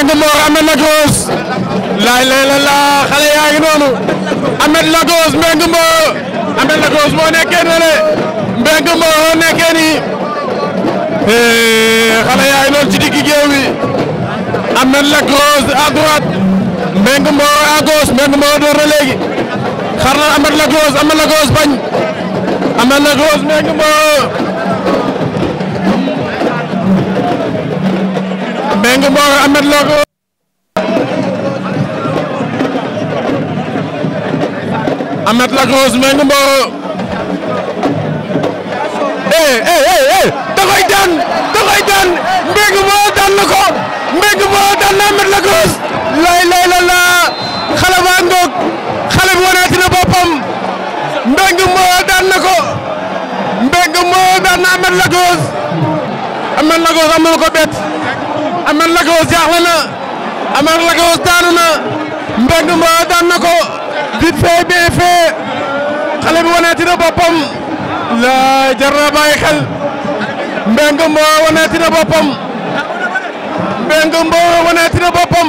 Dieng de Mor Ahmed Lagos laay lay la laa xale yaa ngi noonu Ahmed Lagos Mbengue Mor Ahmed Lagos moo nekkee ne le Mbengue Mor moo nekkee nii eh, xale yaa ngi noonu ci digg géew wi Ahmed Lagos à droite Mbengue Mor à gauche Mbengue Mor door na léegi xar na Ahmed Lagos Ahmed Lagos bañ Ahmed Lagos Mbengue Mor Mbengue Mbour Ahmed Lo Ahmed Lac Rose Mbengue Mbour eh, eh eh eh da koy daan da koy daan Mbengue Mbour daan na ko Mbengue Mbour daan na Ahmed Lac Rose lay lay la la xale ba ngoog xale bi wanaati na boppam Mbengue Mbour daan na ko Mbengue Mbour daan na Ahmed Lac Rose Ahmed Lac Rose amul ko bett Ameth Lacrose jaaxle na Ameth Lacrose daanu na Mbengue Mboyo daan na ko vite fait bien fait xale bi waneeti na boppam la jar na bàyyi xel Mbengue Mboyo waneeti na boppam Mbengue Mboyo waneeti na boppam